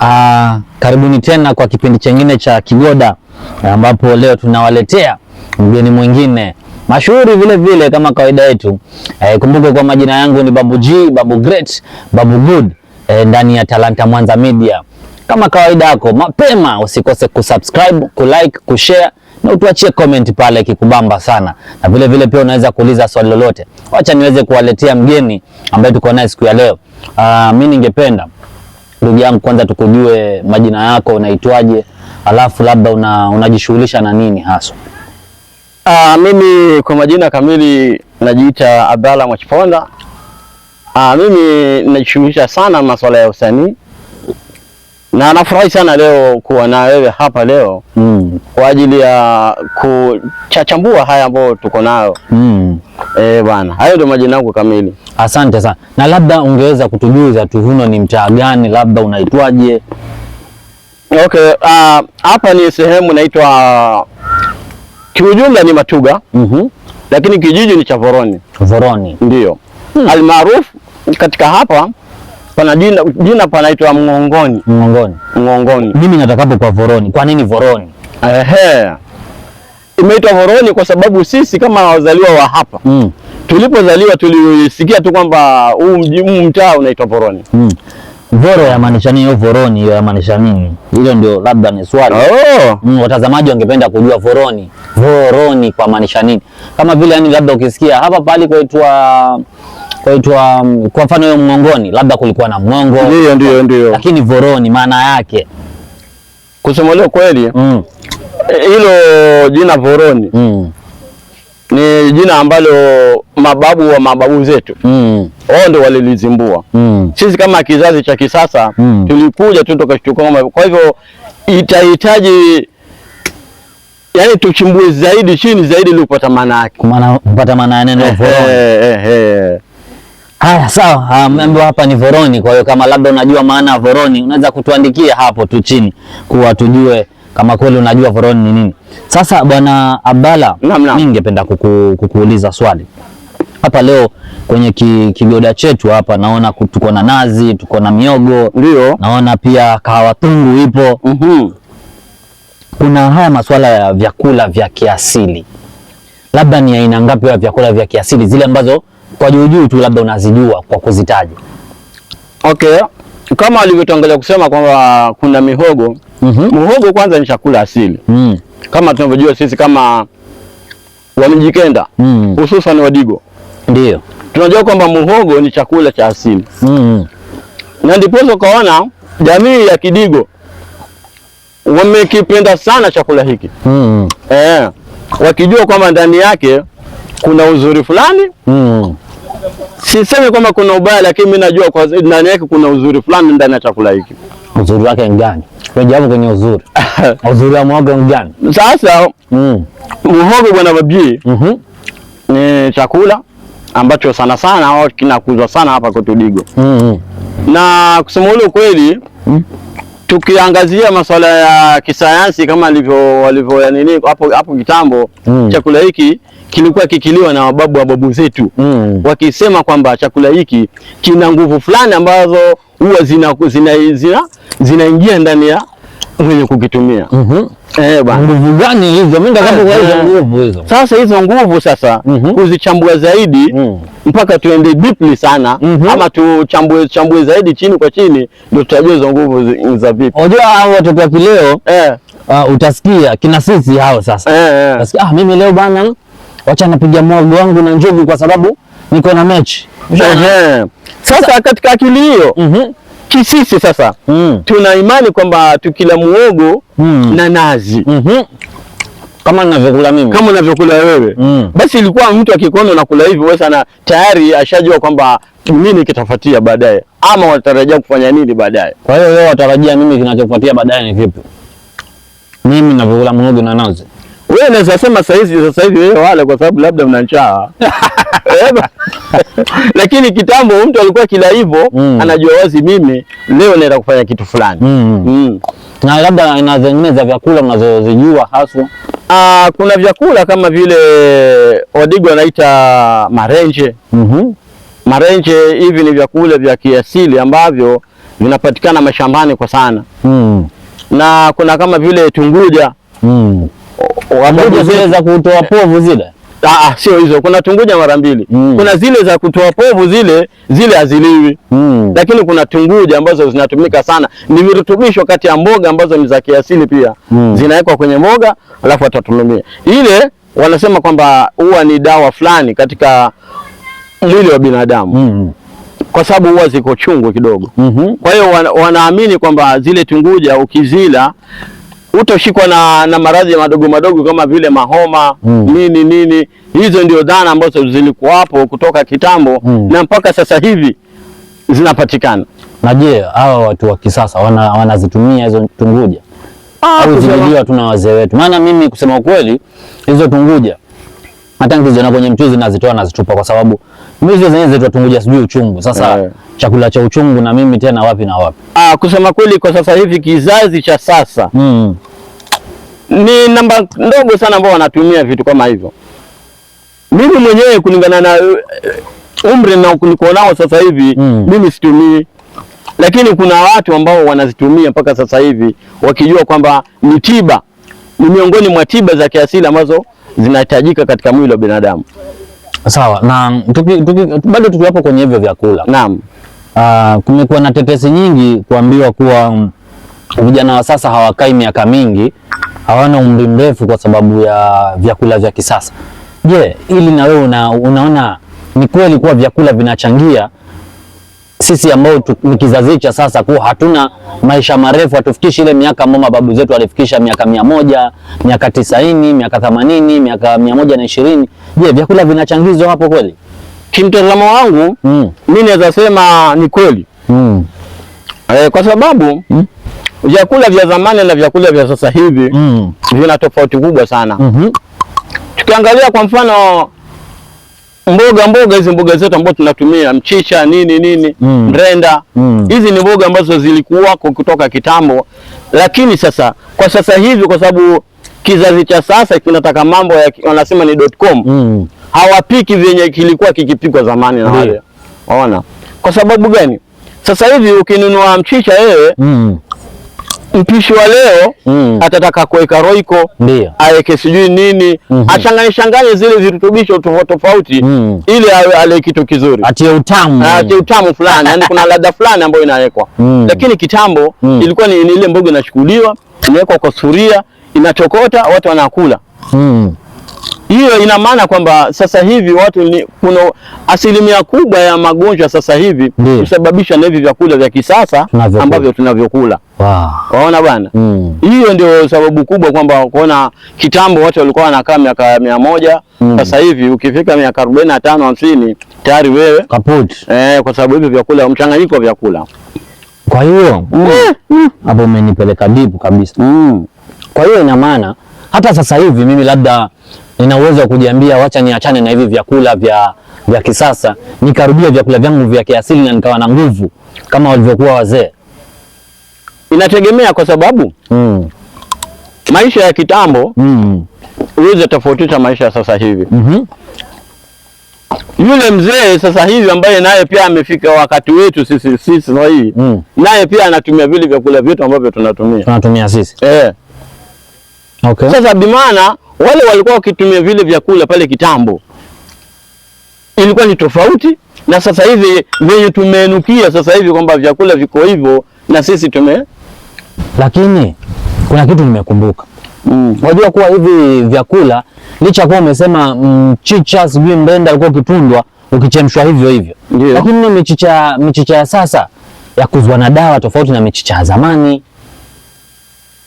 Ah, karibuni tena kwa kipindi chengine cha Kigoda ambapo leo tunawaletea mgeni mwingine mashuhuri vile vile kama kawaida yetu. Eh, kumbuke kwa majina yangu ni Babu G, Babu Great, Babu Good eh, ndani ya Talanta Mwanza Media. Kama kawaida yako mapema usikose kusubscribe, kulike, kushare na utuachie comment pale kikubamba sana, na vile vile pia unaweza kuuliza swali lolote. Wacha niweze kuwaletea mgeni ambaye tuko naye siku ya leo. Uh, mimi ningependa ndugu yangu, kwanza tukujue majina yako, unaitwaje, alafu labda una, unajishughulisha na nini haswa Uh, mimi kwa majina kamili najiita Abdalla Mwachiponda. Uh, mimi najishughulisha sana masuala ya usanii na nafurahi sana leo kuwa na wewe hapa leo mm. kwa ajili ya kuchachambua haya ambayo tuko nayo mm. Eh, bwana, hayo ndio majina yangu kamili. Asante sana, na labda ungeweza kutujuza tu huno ni mtaa gani, labda unaitwaje? Okay, ah, hapa ni sehemu naitwa kiujumla ni Matuga mm -hmm. lakini kijiji ni cha Voroni. Voroni ndio mm. almaarufu katika hapa Pana jina, jina panaitwa Mng'ong'oni. Mng'ong'oni. Mng'ong'oni. Mimi natakapo kwa Voroni. Kwa nini Voroni? Ehe. Imeitwa Voroni kwa sababu sisi kama wazaliwa wa hapa mm. Tulipozaliwa tulisikia tu kwamba huu mji huu mtaa unaitwa Voroni mm. Voro yamaanisha nini Voroni hiyo yamaanisha nini? Hilo ndio labda ni swali oh. Mm, watazamaji wangependa kujua Voroni, Voroni kwa maanisha nini? Kama vile yani labda ukisikia hapa pale kwaitwa kwaitwa mm, kwa mfano hiyo mngongoni, labda kulikuwa na mngongo. Ndio, ndio, ndio. Lakini Voroni maana yake kusomolea kweli mm. Eh, hilo mm. jina Voroni mm. ni jina ambalo mababu wa mababu zetu mm. wao ndio walilizimbua mm. sisi kama kizazi cha kisasa mm. tulikuja tu tukashtuka. Kwa hivyo itahitaji yaani tuchimbue zaidi chini zaidi ili upata maana yake, kupata maana ya neno eh, Voroni. Eh, Haya, sawa. Ameambiwa ah, hapa ni Voroni. Kwa hiyo kama labda unajua maana ya Voroni, unaweza kutuandikia hapo tu chini kuwa tujue kama kweli unajua Voroni ni nini. Sasa bwana Abdalla, mimi ningependa kuku, kukuuliza swali hapa leo kwenye ki, kigoda chetu hapa naona tuko na nazi, tuko na miogo, ndio naona pia kahawa tungu ipo. mm -hmm. Kuna haya masuala ya vyakula vya kiasili, labda ni aina ngapi ya vyakula vya kiasili zile ambazo kwa juujuu tu labda unazijua kwa kuzitaja? Okay, kama alivyotangulia kusema kwamba kuna mihogo mm -hmm. Muhogo kwanza ni chakula asili mm. Kama tunavyojua sisi kama Wamijikenda mm. hususan mm. Wadigo ndio tunajua kwamba muhogo ni chakula cha asili mm. Na ndipo ukaona jamii ya Kidigo wamekipenda sana chakula hiki mm. E, wakijua kwamba ndani yake kuna uzuri fulani mm sisemi kwamba kuna ubaya, lakini mimi najua kwa ndani yake kuna uzuri fulani ndani ya chakula hiki. Uzuri wake ni gani? Hapo kwenye uzuri uzuri wa mhogo ni gani? Sasa mm. mhogo bwana babii mm ni chakula ambacho sana sana au kinakuzwa sana hapa kwetu Digo mm na kusema ule ukweli mm tukiangazia masuala ya kisayansi kama walivyo nini hapo hapo kitambo mm. chakula hiki kilikuwa kikiliwa na wababu wa babu zetu mm. wakisema kwamba chakula hiki kina nguvu fulani ambazo huwa zinaingia zina, zina, zina ndani ya mwenye kukitumia mm -hmm. Eh, bwana nguvu gani hizo? Mimi ndio kama hizo eh, nguvu hizo eh. sasa, hizo nguvu sasa mm -hmm. kuzichambua zaidi mm. mpaka tuende deeply sana mm -hmm. ama tuchambue chambue zaidi chini kwa chini, ndio tutajua hizo nguvu za vipi. Unajua hao watoto wa leo eh. Uh, utasikia kina sisi hao sasa eh, eh. Utasikia, ah, mimi leo bana wacha napiga mwogo wangu na njugu kwa sababu niko na mechi. Sasa katika akili hiyo mm -hmm. Kisisi sasa mm. tuna imani kwamba tukila muogo mm. na nazi mm -hmm. kama ninavyokula mimi, kama ninavyokula wewe mm. basi ilikuwa mtu akikuona nakula hivyo wewe sana, tayari ashajua kwamba nini kitafuatia baadaye, ama watarajia kufanya nini baadaye. Kwa hiyo wewe watarajia mimi kinachofuatia baadaye ni vipi? mimi ninavyokula muogo na nazi wewe unaweza sema saizi sasa hivi wewe wala kwa sababu labda una njaa. Eh, Lakini kitambo mtu alikuwa kila hivyo mm. Anajua wazi mimi leo naenda kufanya kitu fulani mm. Mm. Na labda aina zingine za vyakula unazozijua haswa? Ah, kuna vyakula kama vile wadigo wanaita marenje mm -hmm. Marenje hivi ni vyakula vya kiasili ambavyo vinapatikana mashambani kwa sana mm. Na kuna kama vile tunguja mm. Tunguja zile za kutoa povu zile? Ah, ah, sio hizo. Kuna tunguja mara mbili mm. Kuna zile za kutoa povu zile zile haziliwi mm. Lakini kuna tunguja ambazo zinatumika sana, ni virutubisho kati ya mboga ambazo ni za kiasili pia mm. Zinawekwa kwenye mboga alafu watatumia ile, wanasema kwamba huwa ni dawa fulani katika mwili wa binadamu mm kwa sababu huwa ziko chungu kidogo. mm -hmm. Kwa hiyo wanaamini kwamba zile tunguja ukizila utoshikwa na, na maradhi madogo madogo kama vile mahoma mm. nini nini. Hizo ndio dhana ambazo zilikuwapo kutoka kitambo mm. na mpaka sasa hivi zinapatikana. Na je, hawa watu wa kisasa wanazitumia wana hizo tunguja ah, au tu tuna wazee wetu? Maana mimi kusema ukweli hizo tunguja hata nikiziona kwenye mchuzi nazitoa nazitupa, kwa sababu mimi hizo zenyewe zitatunguja sijui uchungu. Sasa yeah. chakula cha uchungu na mimi tena wapi na wapi. Ah, kusema kweli kwa sasa hivi kizazi cha sasa mm. ni namba ndogo sana ambao wanatumia vitu kama hivyo. Mimi mwenyewe kulingana na eh, umri na niko nao sasa hivi mm. mimi situmii, lakini kuna watu ambao wanazitumia mpaka sasa hivi wakijua kwamba ni tiba, ni miongoni mwa tiba za kiasili ambazo zinahitajika katika mwili wa binadamu. Sawa, na tuki, tuki, bado tuko hapo kwenye hivyo vyakula. Naam. Uh, kumekuwa na tetesi nyingi kuambiwa kuwa vijana wa sasa hawakai miaka mingi, hawana umri mrefu kwa sababu ya vyakula vya kisasa. Je, ili na wewe una, unaona ni kweli kuwa vyakula vinachangia sisi ambao ni kizazi cha sasa kuwa hatuna maisha marefu, hatufikishi ile miaka ambao mababu zetu walifikisha, miaka mia moja, miaka tisaini, miaka themanini, miaka mia moja na ishirini. Je, vyakula vinachangizwa hapo kweli? Kimtazamo wangu mm. mi naweza sema ni kweli mm. E, kwa sababu mm. vyakula vya zamani na vyakula vya sasa hivi mm. vina tofauti kubwa sana mm -hmm. tukiangalia kwa mfano mboga mboga hizi mboga zetu ambazo tunatumia mchicha nini nini mm. mrenda mm. hizi mm. ni mboga ambazo zilikuwako kutoka kitambo, lakini sasa kwa sasa hivi kwa sababu kizazi cha sasa kinataka mambo ya wanasema ni dot com mm. hawapiki vyenye kilikuwa kikipikwa zamani na wale waona. Kwa sababu gani? Sasa hivi ukinunua mchicha wewe mm mpishi wa leo mm. atataka kuweka roiko, ndio aweke sijui nini mm -hmm. achanganye changanye zile virutubisho tofauti mm. ili awe ale kitu kizuri, atie utamu, atie utamu fulani yani kuna ladha fulani ambayo inawekwa mm. lakini kitambo mm. ilikuwa ni ile mboga inachukuliwa inawekwa kwa sufuria inatokota, watu wanakula mm hiyo ina maana kwamba sasa hivi watu ni, kuna asilimia kubwa ya magonjwa sasa hivi kusababishwa na hivi vyakula vya kisasa ambavyo tunavyokula. Wow. Waona bwana mm. hiyo mm. Ndio sababu kubwa kwamba kuona kitambo watu walikuwa wanakaa miaka mia moja mm. Sasa hivi ukifika miaka arobaini na tano hamsini tayari wewe kaput eh, kwa sababu hivi vyakula mchanganyiko wa vyakula. Kwa hiyo mm. Mm. hapo umenipeleka dipu kabisa. Kwa hiyo ina maana hata sasa hivi mimi labda nina uwezo wa kujiambia wacha niachane na hivi vyakula vya, vya kisasa nikarudia vyakula vyangu vya kiasili na nikawa na nguvu kama walivyokuwa wazee. Inategemea kwa sababu mm. maisha ya kitambo mm. uweze tofautisha maisha ya sasa hivi mm -hmm. Yule mzee sasa hivi ambaye naye pia amefika wakati wetu sisi sisi sasa hivi mm. naye pia anatumia vile vyakula vyetu ambavyo tunatumia tunatumia sisi eh. Okay. Sasa bimana wale walikuwa wakitumia vile vyakula pale kitambo, ilikuwa ni tofauti na sasa hivi venye tumeenukia sasa hivi kwamba vyakula viko hivyo na sisi tume. Lakini kuna kitu nimekumbuka, mm. unajua mm. kuwa hivi vyakula licha kuwa umesema mchicha, sijui mbenda alikuwa ukitundwa ukichemshwa hivyo hivyo, lakini michicha michicha ya sasa ya kuzwa na dawa tofauti na michicha ya zamani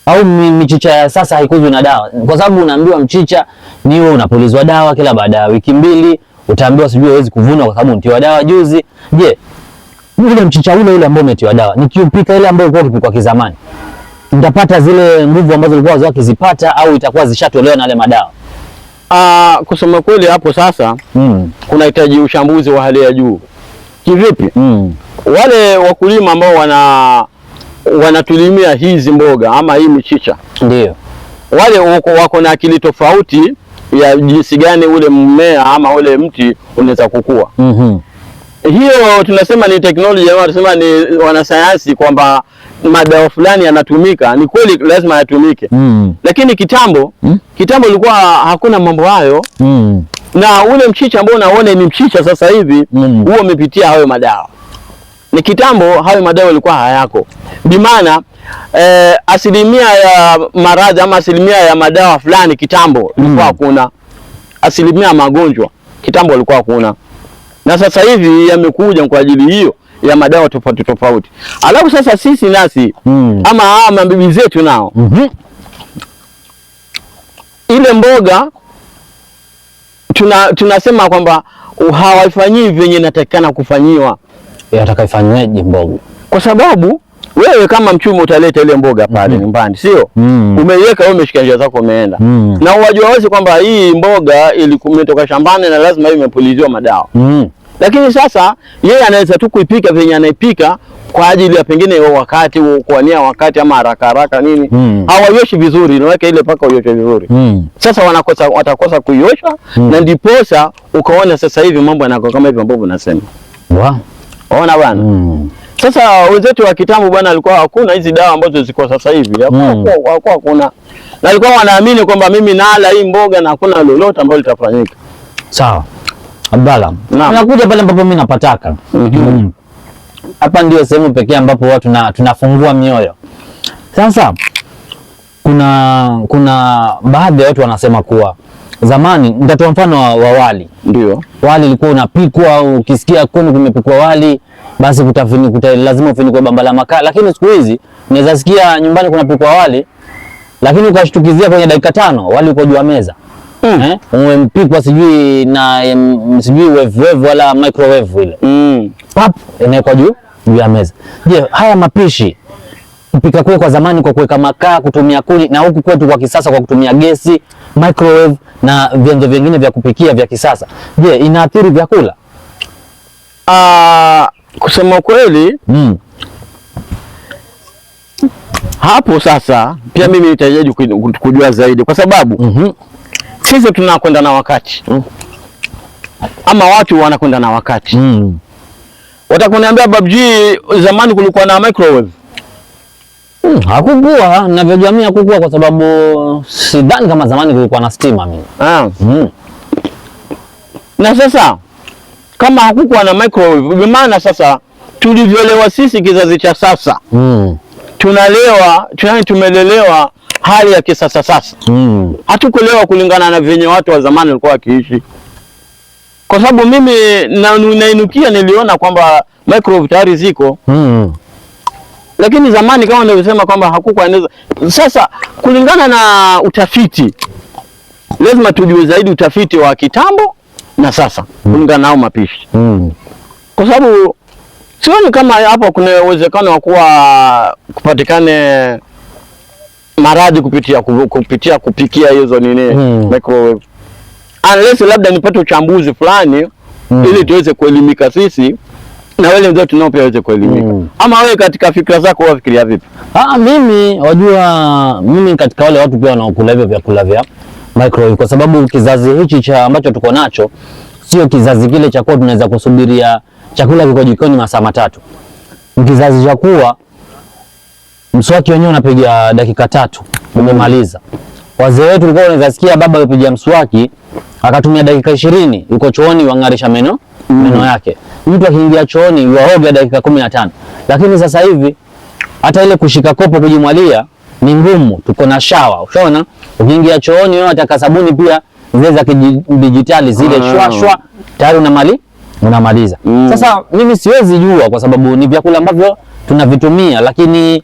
au michicha ya sasa haikuzwi na dawa, kwa sababu unaambiwa mchicha ni wewe unapulizwa dawa kila baada ya wiki mbili, utaambiwa sijui huwezi kuvuna kwa sababu mtiwa dawa juzi. Je, ule mchicha ule ule ambao umetiwa dawa nikiupika ile ambayo ilikuwa ikipikwa kizamani, nitapata zile nguvu ambazo ulikuwa wazo kizipata au itakuwa zishatolewa na ile madawa? Ah, kusema kweli hapo sasa mm. kunahitaji ushambuzi wa hali ya juu. Kivipi? mm. wale wakulima ambao wana wanatulimia hizi mboga ama hii michicha ndio wale wako, wako na akili tofauti ya jinsi gani ule mmea ama ule mti unaweza kukua. mm -hmm. Hiyo tunasema ni teknolojia, tunasema ni wanasayansi kwamba madawa fulani yanatumika, ni kweli, lazima yatumike. mm. Lakini kitambo mm. kitambo ilikuwa hakuna mambo hayo. mm. na ule mchicha ambao unaona ni mchicha sasa hivi mhm. huo umepitia hayo madawa ni kitambo hayo madawa yalikuwa hayako. Bi maana eh, asilimia ya maradhi ama asilimia ya madawa fulani kitambo ilikuwa hmm. hakuna mm. asilimia magonjwa kitambo ilikuwa hakuna, na sasa hivi yamekuja kwa ajili hiyo ya madawa tofauti tofauti. Alafu sasa sisi nasi mm. ama hawa mabibi zetu nao mm -hmm. ile mboga tuna tunasema kwamba hawafanyii vyenye inatakikana kufanyiwa Eh, atakaifanyaje mboga? Kwa sababu wewe kama mchumi utaleta ile mboga pale mm -hmm. nyumbani sio? mm -hmm. Umeiweka wewe, umeshika njia zako, umeenda mm -hmm. na unajua wazi kwamba hii mboga ilikumetoka shambani na lazima hiyo imepuliziwa madawa mm -hmm. Lakini sasa yeye anaweza tu kuipika venye anaipika kwa ajili ya pengine wakati kuania wakati ama haraka haraka nini, mm. hawayoshi vizuri, inaweka ile paka uyoshwe vizuri mm. Sasa wanakosa watakosa kuiosha mm. na ndiposa ukaona sasa hivi mambo yanakuwa kama hivyo ambavyo unasema wow. Unaona bwana mm. Sasa wenzetu wa kitambo bwana, alikuwa hakuna hizi dawa ambazo ziko sasa hivi, hakuwa mm. hakuna, na alikuwa wanaamini kwamba mimi nala hii mboga na hakuna lolote ambalo litafanyika. Sawa Abdalla, nakuja pale ambapo mimi napataka mhm. mm -hmm. Hapa ndio sehemu pekee ambapo watu tunafungua mioyo sasa. Kuna, kuna baadhi ya watu wanasema kuwa Zamani nitatoa mfano wa, wa wali. Ndio. Wali ilikuwa unapikwa ukisikia kuni kumepikwa wali basi kutafini, kuta, lazima ufinikwe bamba la makaa, lakini siku hizi unaweza sikia nyumbani kunapikwa wali lakini ukashtukizia kwenye dakika tano wali uko juu ya meza. Mm. Eh? Umempikwa sijui na um, sijui wave wave wala microwave ile. Mm. Pap inawekwa juu juu ya meza. Je, haya mapishi kupika kwa zamani kwa kuweka makaa kutumia kuni na huku kwetu kwa kisasa kwa kutumia gesi, microwave na vyanzo vingine vya kupikia vya kisasa. Je, inaathiri vyakula? Aa, ah, kusema kweli mm. Hapo sasa pia hmm. mimi nitahitaji kujua zaidi kwa sababu mm -hmm. Sisi tunakwenda na wakati mm. Ama watu wanakwenda na wakati mm. Watakuniambia babji, zamani kulikuwa na microwave Hmm, hakukua ninavyojamii hakukua kwa sababu sidhani kama zamani kulikuwa na stima mimi. Ah. Hmm. Na sasa kama hakukuwa na microwave, maana sasa tulivyolewa sisi kizazi cha sasa hmm. tunalewa tunani, tumelelewa hali ya kisasa sasa hmm. hatukulewa kulingana na venye watu wa zamani walikuwa wakiishi, kwa sababu mimi nainukia, niliona kwamba microwave tayari ziko hmm lakini zamani kama nilivyosema kwamba hakukueneza. Sasa kulingana na utafiti, lazima tujue zaidi utafiti wa kitambo na sasa mm. kulingana nao mapishi mm. kwa sababu sioni kama hapo kuna uwezekano wa kuwa kupatikane maradhi kupitia kupitia kupikia hizo nini mm. microwave unless labda nipate uchambuzi fulani mm. ili tuweze kuelimika sisi na wale wenzao tunao pia waweze kuelimika. Mm. Ama wewe katika fikra zako wafikiria vipi? Ah, mimi wajua, mimi katika wale watu pia wanaokula hivyo vyakula vya microwave, kwa sababu kizazi hichi cha ambacho tuko nacho sio kizazi kile cha kuwa tunaweza kusubiria chakula kiko jikoni masaa matatu. Kizazi cha kuwa mswaki wenyewe unapiga dakika tatu umemaliza. Mm. Wazee wetu walikuwa wanaweza sikia baba alipiga mswaki akatumia dakika ishirini yuko chooni wangarisha meno mm. meno yake. Mtu akiingia chooni waoga dakika kumi na tano, lakini sasa hivi hata ile kushika kopo kujimwalia ni ngumu, tuko na shawa. Ushaona, ukiingia chooni wewe ataka sabuni pia zile za kidijitali zile ah. shwa shwa, tayari una mali unamaliza. mm. Sasa mimi siwezi jua kwa sababu ni vyakula ambavyo tunavitumia, lakini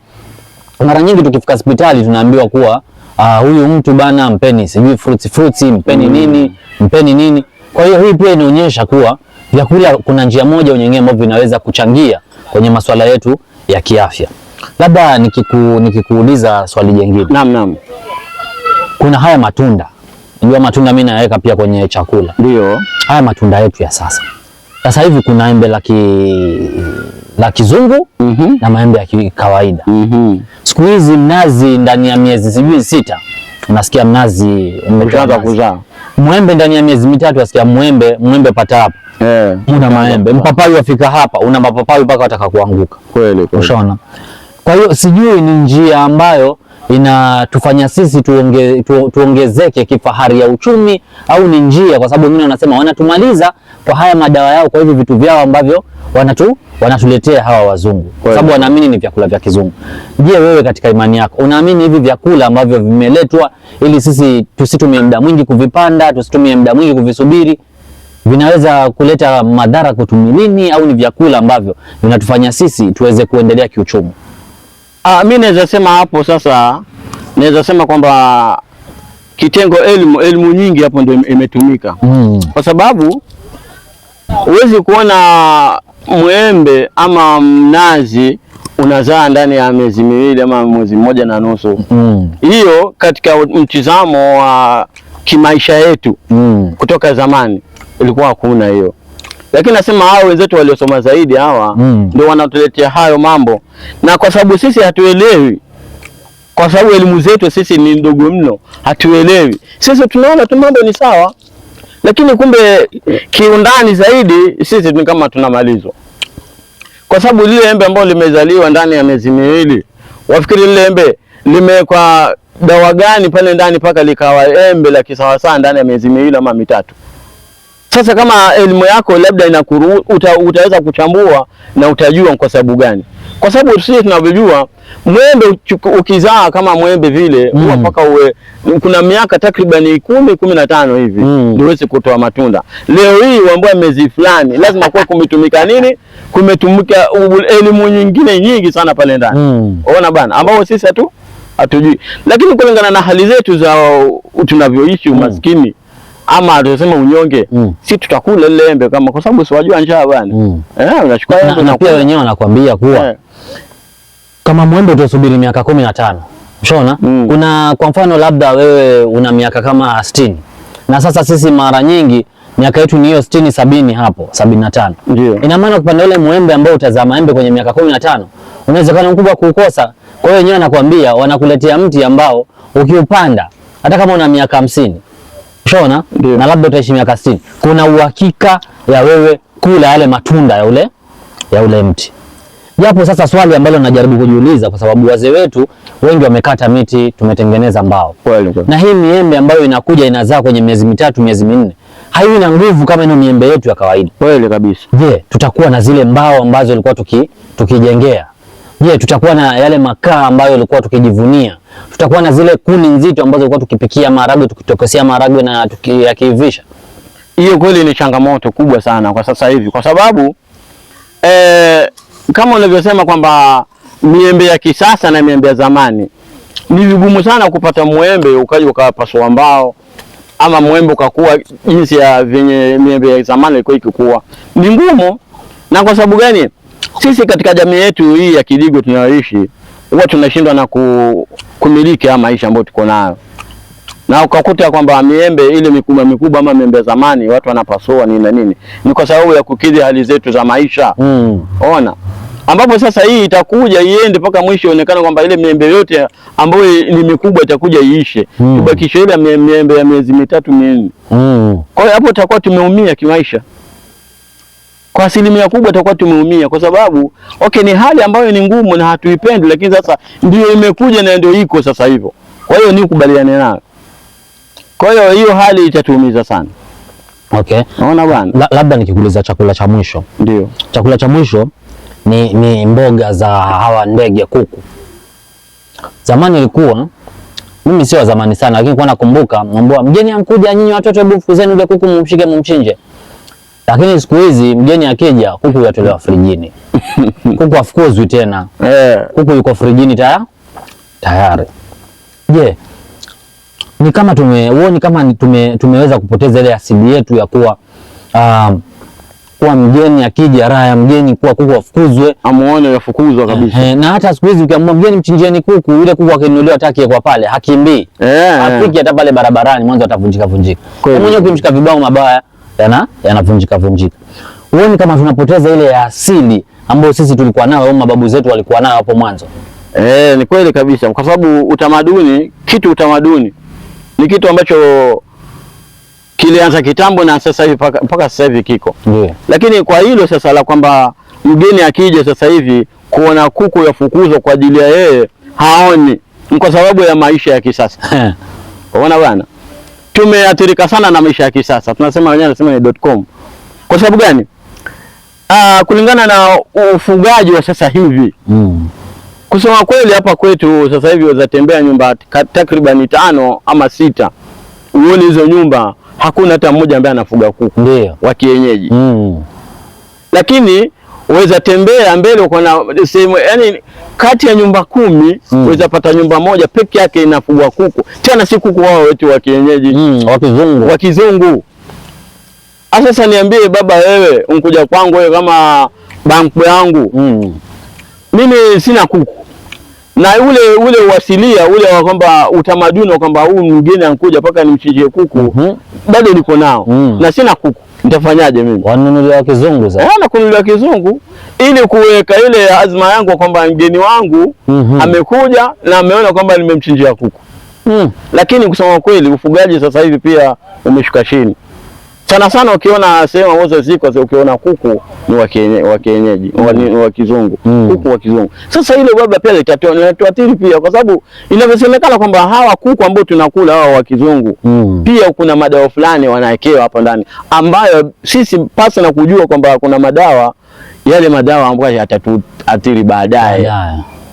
mara nyingi tukifika hospitali tunaambiwa kuwa uh, huyu mtu bana, mpeni sijui fruits fruits, mpeni mm. nini, mpeni nini. Kwa hiyo hii pia inaonyesha kuwa vyakula kuna njia moja au nyingine ambavyo vinaweza kuchangia kwenye masuala yetu ya kiafya. Labda nikiku, nikikuuliza swali jingine. Naam, naam. Kuna haya matunda. ndio matunda mimi naweka pia kwenye chakula. Ndio. Haya matunda yetu ya sasa. Sasa hivi kuna embe la ki la kizungu mm -hmm. na maembe ya kawaida mm -hmm. Siku hizi mnazi ndani ya miezi sijui sita unasikia mnazi umeanza kuzaa. Mwembe ndani ya miezi mitatu unasikia mwembe mwembe pata hapa yeah. una maembe, mpapai wafika hapa, una mapapai mpaka wataka kuanguka kweli kweli, ushona. Kwa hiyo sijui ni njia ambayo inatufanya sisi tuonge, tu, tuongezeke kifahari ya uchumi au ni njia, kwa sababu wengine wanasema wanatumaliza kwa haya madawa yao, kwa hivyo vitu vyao ambavyo wanatu wanatuletea hawa wazungu, kwa sababu wanaamini ni vyakula vya kizungu. Je, wewe katika imani yako unaamini hivi vyakula ambavyo vimeletwa ili sisi tusitumie muda mwingi kuvipanda, tusitumie muda mwingi kuvisubiri, vinaweza kuleta madhara kwetu mwilini au ni vyakula ambavyo vinatufanya sisi tuweze kuendelea kiuchumi? Ah, mimi naweza sema hapo sasa, naweza sema kwamba kitengo elimu, elimu nyingi hapo ndio imetumika mm. kwa sababu huwezi kuona mwembe ama mnazi unazaa ndani ya miezi miwili ama mwezi mmoja na nusu hmm. hiyo mm. katika mtizamo wa uh, kimaisha yetu mm. kutoka zamani ilikuwa hakuna hiyo, lakini nasema hao wenzetu waliosoma zaidi hawa mm. ndio wanatuletea hayo mambo, na kwa sababu sisi hatuelewi, kwa sababu elimu zetu sisi ni ndogo mno, hatuelewi. Sisi tunaona tu mambo ni sawa, lakini kumbe kiundani zaidi sisi ni kama tunamalizwa, kwa sababu lile embe ambalo limezaliwa ndani ya miezi miwili wafikiri lile embe limewekwa dawa gani pale ndani mpaka likawa embe la kisawasawa ndani ya miezi miwili ama mitatu. Sasa kama elimu yako labda inakuru, uta, utaweza kuchambua na utajua kwa sababu gani, kwa sababu sisi tunavyojua mwembe ukizaa kama mwembe vile mm. mpaka uwe kuna miaka takribani kumi kumi na tano hivi mm. ndio uweze kutoa matunda. Leo hii uambia miezi fulani, lazima kuwa kumetumika nini, kumetumika elimu nyingine nyingi sana pale ndani mm. Unaona bana, ambao sisi hatu hatujui, lakini kulingana na hali zetu za tunavyoishi mm. umaskini mm. ama atasema unyonge mm. si tutakula ile embe kama, kwa sababu si wajua njaa bwana mm. eh, unachukua na, na pia wenyewe wanakuambia kuwa eh. kama mwembe utasubiri miaka kumi na tano Shona, mm. kuna kwa mfano labda wewe una miaka kama 60 na sasa sisi mara nyingi miaka yetu ni hiyo 60 70 hapo 75 ndio Ina maana kupanda ile muembe ambao utazaa maembe kwenye miaka kumi na tano unawezekana mkubwa kuukosa kwa hiyo wenyewe anakuambia wanakuletea mti ambao ukiupanda hata kama una miaka hamsini shona na labda utaishi miaka sitini kuna uhakika ya wewe kula yale matunda ya ule, ya ule mti. Japo sasa swali ambalo najaribu kujiuliza kwa sababu wazee wetu wengi wamekata miti, tumetengeneza mbao kweli, kweli. na hii miembe ambayo inakuja inazaa kwenye miezi mitatu miezi minne haiwi na nguvu kama ino miembe yetu ya kawaida. Kweli kabisa. Je, tutakuwa na zile mbao ambazo ilikuwa tuki, tukijengea Je, tutakuwa na yale makaa ambayo ilikuwa tukijivunia? Tutakuwa na zile kuni nzito ambazo ilikuwa tukipikia maharagwe, tukitokosea maharagwe na tukiyakivisha? Hiyo kweli ni changamoto kubwa sana kwa sasa hivi, kwa sababu eh, kama unavyosema kwamba miembe ya kisasa na miembe ya zamani ni vigumu sana kupata mwembe ukaji ukapasua mbao ama mwembe ukakuwa jinsi ya vyenye miembe ya zamani ilikuwa ikikuwa, ni ngumu. Na kwa sababu gani? Sisi katika jamii yetu hii ya Kidigo tunayoishi huwa tunashindwa na ku, kumiliki ya maisha ambayo tuko nayo, na ukakuta kwamba miembe ile mikubwa mikubwa ama miembe zamani watu wanapasua nini na nini, ni kwa sababu ya kukidhi hali zetu za maisha mm. Ona ambapo sasa hii itakuja iende mpaka mwisho ionekane kwamba ile miembe yote ambayo ni mikubwa itakuja iishe mm. Tubakishe ile miembe ya miezi mitatu minne mm. Kwa hiyo hapo tutakuwa tumeumia kimaisha kwa asilimia kubwa tutakuwa tumeumia, kwa sababu okay, ni hali ambayo ni ngumu na hatuipendi, lakini sasa ndio imekuja na ndio iko sasa hivyo. Kwa hiyo ni kukubaliana nayo. Kwa hiyo hiyo hali itatuumiza sana. Okay, naona bwana, la, labda nikikuuliza chakula cha mwisho. Ndio chakula cha mwisho ni, ni mboga za hawa ndege kuku. Zamani ilikuwa mimi sio zamani sana, lakini kwa nakumbuka mbwa mgeni amkuja, nyinyi watoto, hebu fukuzeni ule kuku, mumshike mumchinje. Lakini siku hizi mgeni akija, kuku yatolewa frijini, kuku afukuzwi tena, eh. kuku yuko frijini taya tayari. Je, ni kama tume uoni kama tume, tumeweza kupoteza ile asili yetu ya kuwa um, kuwa mgeni akija, raha ya mgeni kuwa kuku afukuzwe, amuone yafukuzwa kabisa. Eh, na hata siku hizi ukiamua mgeni mchinjeni kuku, yule kuku akinunuliwa taki kwa pale hakimbii, yeah. Afiki hata pale barabarani mwanzo atavunjika vunjika, mwenyewe ukimshika vibao mabaya yana yanavunjika vunjika. Huoni kama tunapoteza ile ya asili ambayo sisi tulikuwa nayo au mababu zetu walikuwa nayo hapo mwanzo? Eh, ni kweli kabisa, kwa sababu utamaduni kitu, utamaduni ni kitu ambacho kilianza kitambo na sasa hivi mpaka sasa hivi kiko yeah. Lakini kwa hilo sasa la kwamba mgeni akija sasa hivi kuona kuku yafukuzwa kwa ajili ya yeye haoni, kwa sababu ya maisha ya kisasa unaona bwana tumeathirika sana na maisha ya kisasa, tunasema wenyewe anasema ni dot com. Kwa sababu gani? Uh, kulingana na ufugaji wa sasa hivi mm. Kusema kweli hapa kwetu sasa hivi wazatembea nyumba takriban tano ama sita, uone hizo nyumba hakuna hata mmoja ambaye anafuga kuku wa kienyeji mm. lakini uweza tembea mbele uko na sehemu yani, kati ya nyumba kumi mm. uweza pata nyumba moja peke yake inafugwa kuku, tena si kuku wao wetu wa kienyeji mm, wakizungu kizungu. Ah, sasa niambie baba, wewe unkuja kwangu wewe kama banku yangu mm. mimi sina kuku na ule ule uasilia ule wa kwamba utamaduni wa kwamba huu mgeni ankuja mpaka nimchinjie kuku mm -hmm. bado niko nao mm. na sina kuku nitafanyaje mimi? Wanunulia kizungu sasa. Wana kununulia kizungu ili kuweka ile azma yangu kwamba mgeni wangu mm -hmm. amekuja na ameona kwamba nimemchinjia kuku mm. Lakini kusema kweli ufugaji sasa hivi pia umeshuka chini sana sana ukiona sehemu ambazo ziko ukiona kuku ni wa kienyeji mm. wa kizungu mm. kuku wa kizungu. Sasa ile baba pia litatuathiri pia, kwa sababu inavyosemekana kwamba hawa kuku ambao tunakula hawa wa kizungu mm. pia kuna madawa fulani wanawekewa hapo ndani, ambayo sisi pasi na kujua kwamba kuna madawa yale madawa ambayo yatatuathiri baadaye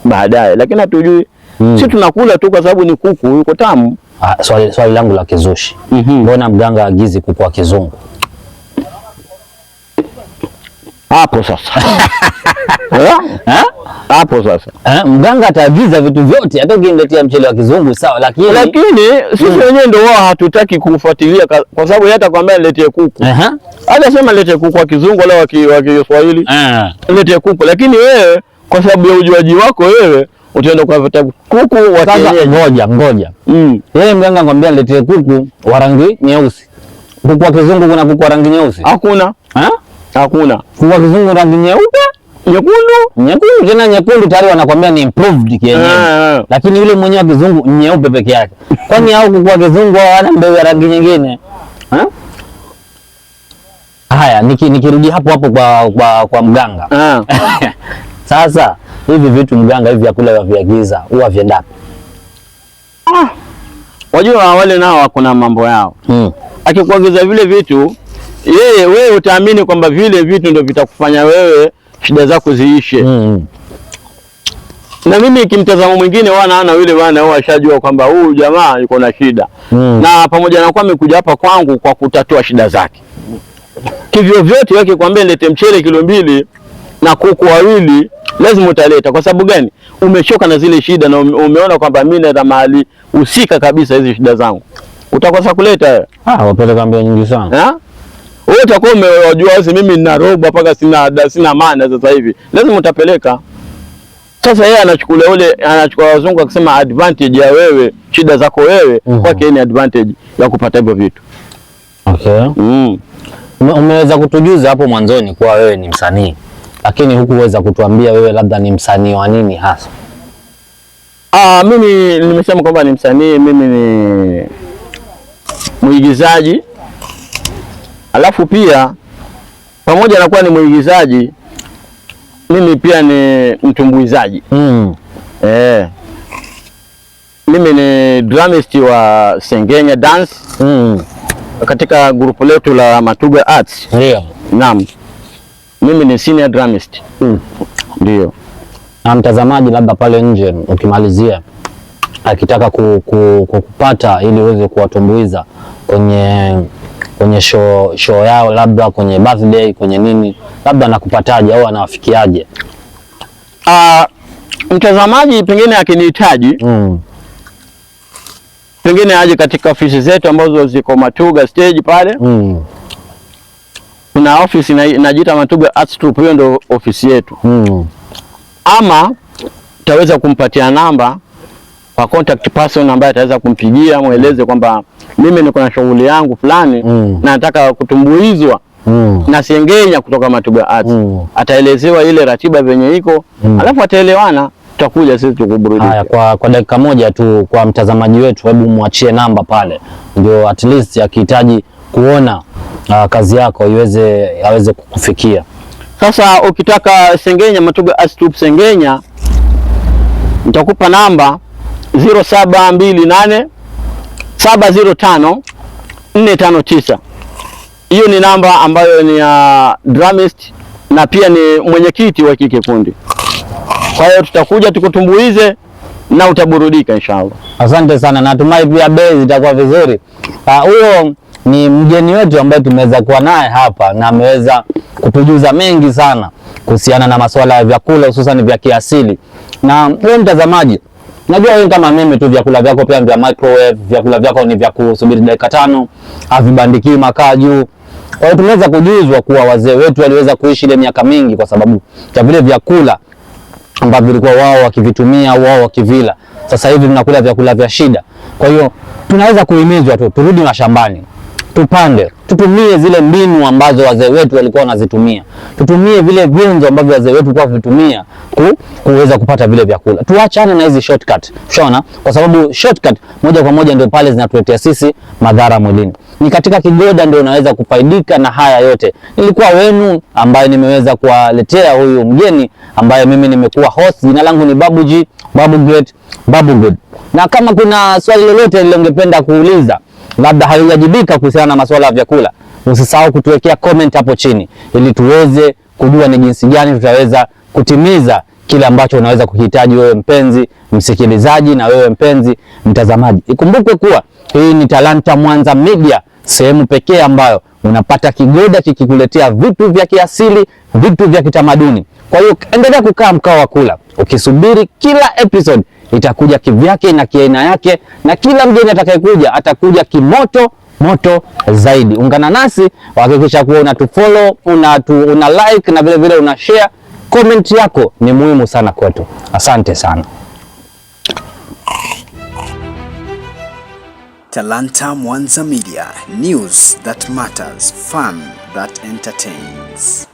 baadaye, lakini hatujui mm. si tunakula tu kwa sababu ni kuku yuko tamu. Ah, swali, swali langu la kizushi mhm. mbona mm -hmm. mganga agizi kuku wa kizungu hapo sasa? Eh? hapo sasa ha? Mganga ataagiza vitu vyote, hata ukiniletea mchele wa kizungu sawa, lakini lakini sisi mm. wenyewe ndio wao hatutaki kufuatilia, kwa sababu yeye atakwambia niletee kuku, hata sema niletee kuku wa kizungu wala wa Kiswahili, ah. niletee kuku, lakini wewe kwa sababu ya ujuaji wako wewe utaenda kwa vitabu kuku wa kienyeji. Ngoja ngoja, mm. Yeye mganga ngwambia niletee kuku wa rangi nyeusi. Kuku wa kizungu, kuna kuku wa rangi nyeusi? Hakuna ha? Hakuna kuku wa kizungu rangi nyeupe, nyekundu, nyekundu tena nyekundu, tayari wanakuambia ni improved kienyeji, ah, ah, ah. lakini yule mwenye wa kizungu nyeupe peke yake. Kwani hao kuku wa kizungu hawana mbegu ya rangi nyingine ha? Haya, nikirudi niki hapo hapo kwa, kwa, kwa mganga sasa hivi vitu mganga, hivi vyakula vyaviagiza huwa vyendapi? Ah, wajua wale nao wako na mambo yao hmm. Akikuagiza vile vitu yeye, wewe utaamini kwamba vile vitu ndio vitakufanya wewe shida zako ziishe hmm. Na mimi kimtazamo mwingine, wana ana yule bwana wao ashajua kwamba huyu jamaa yuko na shida hmm. Na pamoja na kuwa amekuja hapa kwangu kwa kutatua shida zake kivyo vyote, akikwambia nilete mchele kilo mbili na kuku wawili lazima utaleta. Kwa sababu gani? Umechoka na zile shida na umeona kwamba mimi na mahali husika kabisa hizi shida zangu, utakosa kuleta wewe. Ah, wapeleka kambia nyingi sana ha? Wewe utakuwa umewajua sasa, mimi nina robo mpaka sina da, sina maana sasa hivi, lazima utapeleka. Sasa yeye anachukulia ule anachukua wazungu akisema advantage ya wewe, shida zako wewe mm -hmm. Kwake ni advantage ya kupata hivyo vitu okay. Mm. Umeweza kutujuza hapo mwanzoni kuwa wewe ni msanii lakini hukuweza kutuambia wewe labda ni msanii wa nini hasa? Ah, mimi nimesema kwamba ni msanii, mimi ni mwigizaji, alafu pia pamoja na kuwa ni mwigizaji, mimi pia ni mtumbuizaji mm. Eh, mimi ni dramist wa Sengenya Dance mm. katika grupu letu la Matuga Arts. Ndio. Naam mimi ni senior dramist mm. ndio. Mm. Na mtazamaji, labda pale nje ukimalizia, akitaka ku, ku, kukupata ili uweze kuwatumbuiza kwenye kwenye show, show yao labda kwenye birthday kwenye nini, labda anakupataje au anawafikiaje? Uh, mtazamaji pengine akinihitaji mm. pengine aje katika ofisi zetu ambazo ziko Matuga stage pale mm tuna ofisi inajiita Matuga Arts Troupe, hiyo ndio ofisi yetu hmm. Ama taweza kumpatia namba kwa contact person ambaye ataweza kumpigia mweleze kwamba mimi niko na shughuli yangu fulani mm. na nataka kutumbuizwa mm. na Sengenya kutoka Matuga Arts mm. ataelezewa ile ratiba venye iko mm. alafu ataelewana, tutakuja sisi tukuburudisha. Haya, kwa, kwa dakika moja tu kwa mtazamaji wetu, hebu mwachie namba pale, ndio at least akihitaji kuona uh, kazi yako iweze aweze kukufikia. Sasa ukitaka Sengenya Matuga Astup Sengenya, nitakupa namba 0728 705 459. Hiyo ni namba ambayo ni ya uh, Dramist na pia ni mwenyekiti wa kikundi. Kwa hiyo tutakuja tukutumbuize na utaburudika inshallah. Asante sana, natumai pia bei zitakuwa vizuri. Ah, huyo uh, ni mgeni wetu ambaye tumeweza kuwa naye hapa na ameweza kutujuza mengi sana kuhusiana na masuala ya vyakula hususan vya kiasili. Na wewe mtazamaji, najua wewe kama mimi tu vyakula vyako pia vya microwave, vyakula vyako ni vya kusubiri dakika tano, havibandikii makaa juu. Kwa hiyo tumeweza kujuzwa kuwa wazee wetu waliweza kuishi ile miaka mingi kwa sababu ya vile vyakula ambavyo vilikuwa wao wakivitumia wao wakivila. Sasa hivi tunakula vyakula vya shida. Kwa hiyo tunaweza kuhimizwa tu turudi mashambani, tupande, tutumie zile mbinu ambazo wazee wetu walikuwa wanazitumia, tutumie vile vyanzo ambavyo wazee wetu walikuwa vitumia ku, kuweza kupata vile vyakula. Tuachane na hizi shortcut, shona, kwa sababu shortcut moja kwa moja ndio pale zinatuletea sisi madhara mwilini. Ni katika Kigoda ndio unaweza kufaidika na haya yote. Nilikuwa wenu ambaye nimeweza kuwaletea huyu mgeni ambaye mimi nimekuwa host. Jina langu ni Babuji, Babu Great, Babu Good. Na kama kuna swali lolote lile ungependa kuuliza labda halijajibika kuhusiana na masuala ya vyakula, usisahau kutuwekea comment hapo chini ili tuweze kujua ni jinsi gani tutaweza kutimiza kile ambacho unaweza kuhitaji wewe mpenzi msikilizaji, na wewe mpenzi mtazamaji. Ikumbukwe kuwa hii ni Talanta Mwanza Media, sehemu pekee ambayo unapata kigoda kikikuletea vitu vya kiasili, vitu vya kitamaduni. Kwa hiyo endelea kukaa mkao wa kula ukisubiri kila episode itakuja kivyake na kiaina yake, na kila mgeni atakayekuja atakuja kimoto moto zaidi. Ungana nasi, hakikisha kuwa una tufollow, una, tu, una like na vilevile una share. Comment yako ni muhimu sana kwetu. Asante sana. Talanta Mwanza Media, news that matters, fun that entertains.